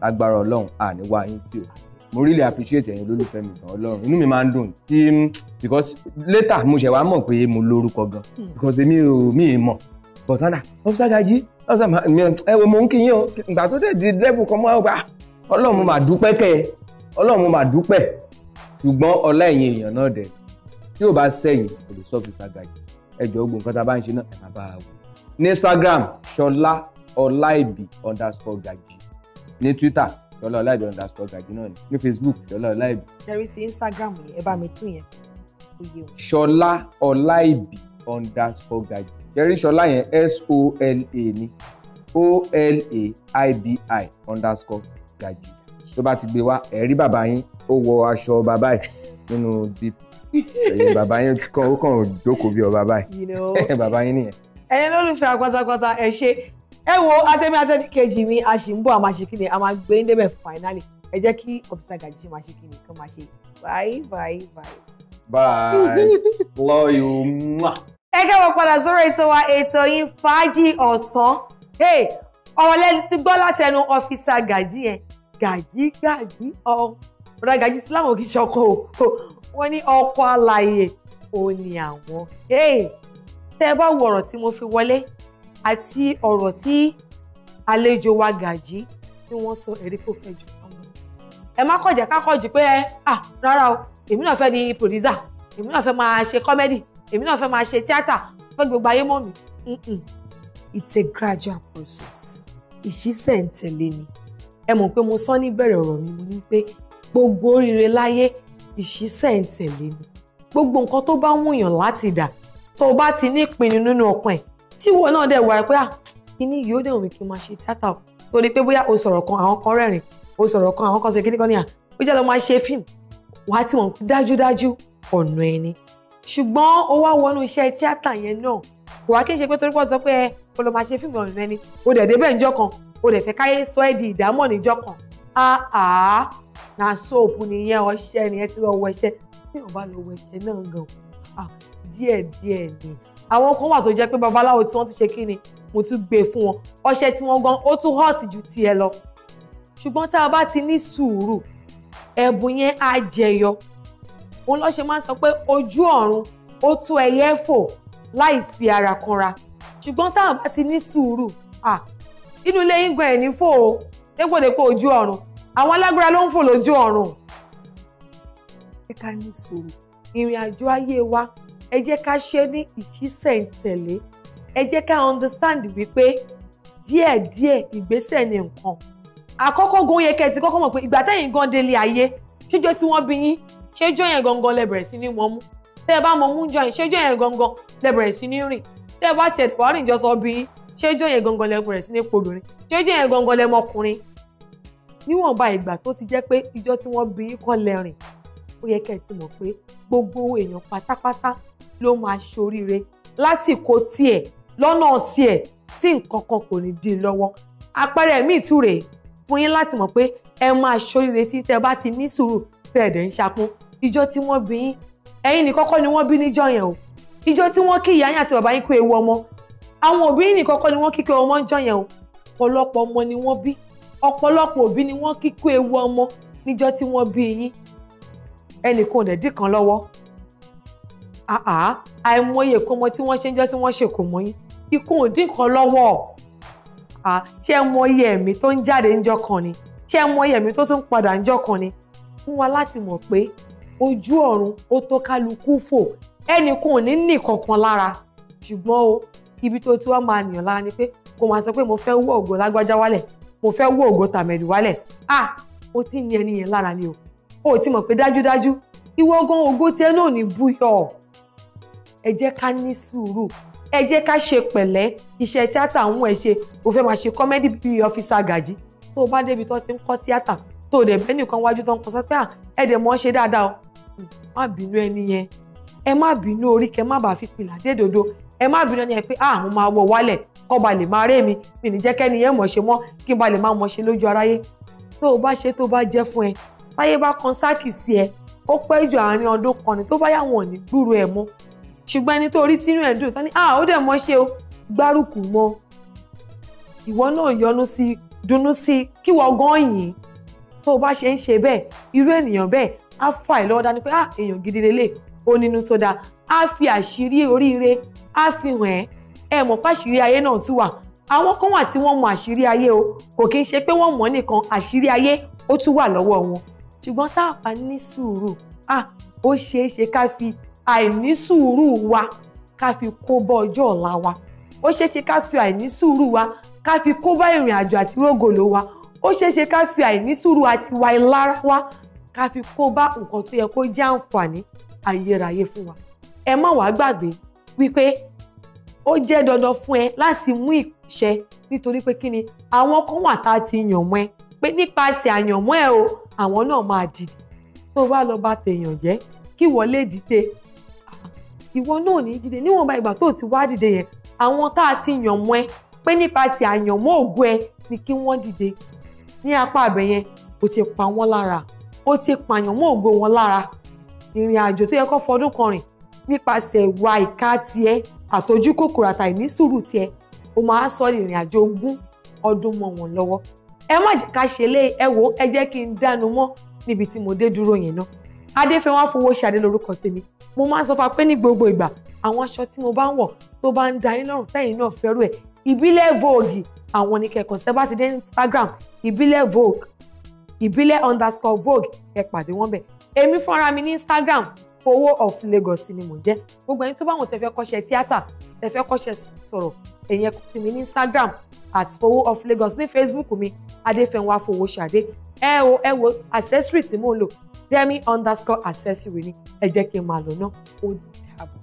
lágbára ọlọ́run àní wá yín tí o mo really appreciate ẹ̀yin olólùfẹ́ mi gan ọlọ́run inú mi máa ń dùn tí because later mo ṣẹ̀ wá mọ̀ pé mo lórúkọ gan hmm. because èmi ò mí ì mọ̀ bọ̀tánà ọ̀fíṣà gajì ọ̀sán ẹ wo mo ń kíyìn o ìgbà tó dẹ̀ di level kan mọ́ ọgbà ah, ọlọ́run mo mà dúpẹ́ kẹ́ ẹ ọlọ́run mo mà dúpẹ́ ṣùgbọ́n ọlá ẹ̀yìn èèyàn náà dẹ̀ tí ò bá sẹ́yìn kò lè sọ ọ̀fíṣà gajì ẹjọ́ ogun nǹkan tá a bá ń ṣe náà ẹ̀ bá a wò ní Instagram ṣọlá ọláìbì underscore gajì ní Twitter ṣọlá ọláìbì underscore gajì náà ní Facebook ṣọlá ọláìbì. ṣẹ́rí ti Instagram yẹn ẹ bá mi tún yẹn. ṣọlá ọláìbì underscore gaji jẹ́rìṣọ́lá yẹn s o l a ni o l a i b i underscore gaji tó bá ti gbé wá ẹ̀rí bàbá yín ó wọ aṣọ bàbá ẹ̀ nínú deep ẹ̀yìn bàbá yín ó kàn jókòó bí ọ bàbá ẹ̀ bàbá yín nìyẹn. ẹ̀yin lólùfẹ́ àpátápátá ẹ ṣe ẹ wo atẹ́mi atẹ́mi kejì mi a sì ń bọ̀ a máa ṣe kí ni a máa gbé ní débẹ̀ finally ẹ jẹ́ kí ọ̀fíìsà gàjí ṣe máa ṣe kí ni kí wọ́n máa ṣe bye bye bye bye love you. ẹ kẹ́wọ́ padà sórí ètò wa ètò yín fàájì ọ̀sán ọ̀rọ̀ lẹ́ni ti gbọ́ láti ẹnu ọ́fíìsà gàjí yẹn gàjí gàjí ọ̀ ọ̀rọ̀ gàjí sí láwọn òkìṣe ọkọ̀ o wọ́n ní ọkọ̀ alàyè ò ní àwọn. tẹ́ ẹ bá wo ọ̀rọ̀ tí mo fi wọlé àti ọ̀rọ̀ tí àlejò wa gàjí tí wọ́n sọ ẹ̀rí kò jù ẹ má kọjá kákọjù pé ah, rárá o èmi náà fẹ́ di producer èmi náà fẹ́ máa ṣe comedy èmi náà fẹ́ máa ṣe theatre fẹ́ gbogbo ayé mọ̀ mi. it's a gradual process ìṣísẹ̀ ń tẹ̀lé ni ẹ mọ̀ pé mo sọ ní bẹ̀rẹ̀ ọ̀rọ̀ mi mo ní pé gbogbo oríire láyé ìṣísẹ̀ ń tẹ̀lé ni gbogbo nǹkan tó bá wùyàn láti dà tó o bá ti ní ìpinnu nínú ọkàn ẹ̀ tí ìwọ náà dẹ̀ wà pé à ah, kíní yìí ó dẹ̀ wù mí kí n máa ṣe tíátà o torí pé bóyá o sọ̀rọ̀ kan àwọn kan rẹ́rìn o sọ̀rọ̀ kan àwọn kan ṣe kíní ní à ó jẹ́ máa ṣe fíìmù wàá ti mọ̀ dájúdájú ọ̀nà ẹni ṣùgbọ́n ó wá wọnú iṣẹ́ tíátà yẹn náà kò wá kí n ṣe pé torí pọ̀ sọ pé ẹ kò lọ́ọ́ máa ṣe fíìmù ọ̀nà ẹni o dẹ̀ débẹ̀ níjọ́ kan o dẹ̀ fẹ́ káyé sọ ẹ́ di ìdámọ̀ níjọ́ kan àá na sóòpù nìyẹn ọṣẹ nìyẹn ti lọ wọ ẹṣẹ bí wọn bá lọ wọ ẹṣẹ náà gan díẹ̀ díẹ̀ ni àwọn kan wà tó jẹ́ pé babaláwo tí wọ́n ti ṣe kí ni mo tún gbé e fún wọn ọṣẹ tí wọ́n gan ó tún hot ju tiẹ̀ lọ ṣùgbọ́n tá a bá ti ní sùúrù ẹ̀bùn yẹn á jẹyọ òun ló ṣe máa ń sọ pé ojú ọ̀run ó tó ẹyẹ fò láì fi ara kanra ṣùgbọ́n táwọn bá ti ní sùúrù à inú ilé yín gan ẹ̀ ní fò ó dégbòdégbò ojú ọ̀run àwọn alágbára ló ń fò lójú ọ̀run. ẹ ká ní sùúrù ìrìn àjò ayé wa ẹ jẹ́ ká ṣe ní ìṣísẹ̀ntẹ̀lé ẹ jẹ́ ká understand wípé díẹ̀díẹ̀ ìgbésẹ̀ ni nǹkan àkọ́kọ́ gan yẹ kẹ́ ti kọ́kọ́ mọ̀ pé ìgbà tẹ́yìn gan délé ayé ṣéjọ́ tí wọ́n bí yín ṣéjọ́ yẹn gangan lẹ́bẹ̀rẹ̀ sí ní wọn mú tẹ́ ẹ bá mọ mú jọ yín ṣéjọ́ yẹn gangan lẹ́bẹ̀rẹ̀ sí ní rìn tẹ́ ẹ bá tiẹ̀ wá rìn jọ sọ bí yín ṣéjọ́ yẹn gangan lẹ́bẹ̀rẹ̀ sí ní pobìnrin ṣéjọ́ yẹn gangan lẹ́mọkùnrin níwọ̀nba ìgbà tó ti jẹ́ pé ìjọ tí wọ́n bí yín kọ́ lẹ́rìn ó yẹ kẹ́ ti mọ̀ pé gbogbo fún yín láti mọ̀ pé ẹ máa ṣoríire tí tẹ bá ti ní sùúrù tẹ ẹ̀dẹ̀ ń ṣakún ìjọ tí wọ́n bí yín ẹ̀yin nìkan kọ́ ni wọ́n bí níjọ yẹn o ìjọ tí wọ́n kí ìyá yín àti bàbá yín kú ewu ọmọ àwọn òbí yín nìkan kọ́ ni wọ́n kí kú ọmọ ń jọ yẹn o ọ̀pọ̀lọpọ̀ ọmọ ni wọ́n bí ọ̀pọ̀lọpọ̀ òbí ni wọ́n kí kú ewu ọmọ níjọ tí wọ́n bí yín ẹnìkan ò dẹ̀ lọ́wọ́ àìmọye ìkómọ tí wọ́n ṣe ń jọ tí wọ́n ṣèkómọ yín ikú ò lọ́wọ́ à ah, ṣé ẹ mọ iye ẹ̀mí tó ń jáde ńjọ́ kan ni ṣé ẹ mọ iye ẹ̀mí tó tún padà ńjọ́ kan ni fún wa láti mọ̀ pé ojú ọ̀run ó tó kálukú fò ẹnì kan ò ní ní kankan lára ṣùgbọ́n o ibi tó ti wá máa nìyàn lára ni pé kò máa sọ pé mo fẹ́ wọ ògo lágbájá wálẹ̀ mo fẹ́ wọ ògo tàmẹ̀dù wálẹ̀ ah o ti ní ẹni yẹn lára ni o o ti mọ̀ pé dájúdájú ìwọ gan ògo tiẹ̀ náà ní búyọ̀ ẹ jẹ́ ká ní sùúrù ẹ jẹ́ ká ṣe pẹ̀lẹ́ iṣẹ́ tíátà ń wọ̀n ẹ ṣe o fẹ́ máa ṣe kọ́mẹ́dì bíi ọ́fíìsà gàjí tó o bá débi tó ti ń kọ́ tíátà tó o dẹ̀ bẹ́ẹ̀ nìkan wájú tó ń kọ́ sọ pé ẹ dẹ̀ mọ́ ṣe dáadáa o má bínú ẹni yẹn ẹ má bínú orí kẹ má bàa fífi làdé dodo ẹ má bínú ẹni yẹn pé ah mo máa wọ wálẹ̀ kọ́ ba lè máa rẹ́ mi mi ní jẹ́ kẹ́ni yẹn mọ̀ ṣe mọ́ kí n ba lè máa mọ̀ ṣe lójú aráyé tó o bá ṣe tó o bá jẹ́ fún ẹ táyé bá kan sáàkì sí ẹ ó pẹ́ jù àárín ọdún kan ni tó bá yà wọ́n ní gbúrú ẹ̀ mọ́ ṣùgbọ́n ẹni tó rí tínú ẹ̀ dùn tán ni ah ó dẹ̀ mọ́ ṣe o gbárùkù mọ́ ìwọ náà yọnu sí dùnnú sí kíwọ gan yìí tó o bá ṣe ń ṣe bẹ́ẹ̀ irú ènìyàn bẹ́ẹ̀ á fà ẹ́ lọ́wọ́ dání pé ah èèyàn gidi lélẹ̀ ó nínú tó dáa á fi àṣírí oríire á fi hàn ẹ́ ẹ mọ̀ páṣírí ayé náà tún wà àwọn kan wà tí wọ́n mọ̀ àṣírí ayé o kò kí n ṣe pé wọ́n mọ̀ nìkan àṣírí ayé ó tún wà lọ́wọ́ wọn ṣùgbọ́n tá ní sùúrù ah ó ṣeé ká fi àìní sùúrù wa ká fi kó bọ́ ọjọ́ ọ̀la wa ó ṣeéṣe ká fi àìní sùúrù wa ká fi kó bá ìrìn àjò àti rógòlò wa ó ṣeéṣe ká fi àìní sùúrù àti wa ìlara wa ká fi kó bá nǹkan tó yẹ kó jẹ́ àǹfààní ayérayé fún wa ẹ má wàá gbàgbé wípé ó jẹ́ dandan fún ẹ láti mú ìṣe nítorí pé kí ni àwọn kan wà tá a ti yànmọ́ ẹ pé nípasẹ̀ àyànmọ́ ẹ o àwọn náà máa dìde tó bá lọ bá tèèyàn jẹ́ kí wọ́n dìde ìwọ náà ní dìde níwọ̀nba ìgbà tó ti wá dìde yẹn àwọn tá a ti yàn mọ́ ẹ pé nípasẹ̀ àyànmọ́ ògùn ẹ ni kí wọ́n dìde ní apá abẹ yẹn ó ti pa wọ́n lára ó ti pààyàn mọ́ ògo wọn lára ìrìn àjò tó yẹ kó fọdún kan rìn nípasẹ̀ ìwà ìka tiẹ̀ àtọ́jú kòkòrò àtàìní sùúrù tiẹ̀ ó máa sọ ìrìn àjò ogún ọdún mọ́ wọn lọ́wọ́ ẹ má jẹ́ ká ṣe lé ẹ wò ó ẹ jẹ́ kí n dánu mọ́ níbi tí mo dé dúró yẹn náà adéfẹ́wá fowó ṣe adé lórúkọ tèmi mo máa ń sọ fún apẹ́ ní gbogbo ìgbà àwọn aṣọ tí mo bá ń wọ̀ tó bá ń da yín lọ́rùn tẹ́yìn náà fẹ́rù ẹ̀ ìbílẹ̀ vogue àwọn ní kẹ́kọ̀ọ́ sẹ́bá ti dé instagram ìbílẹ̀ vogue ìbílẹ̀ underscore vogue ẹ pàdé wọn bẹ̀ èmi fúnra mi ní instagram owó of Lagos ni mò ń jẹ́ gbogbo ẹni tó bá wọn tẹ́ fẹ́ kọ́ṣẹ́ tíátà tẹ́ fẹ́ kọ́ṣẹ́ sọ̀rọ̀ ẹ̀yin sí mi ní Instagram at fowó of Lagos ní Facebook mi adéfẹ́wá fowó ṣàdé ẹ o ẹ wo accessory tí mò ń lò demi underscore accessory ni ẹ jẹ́ kí n máa lọ ná ó dàbọ̀.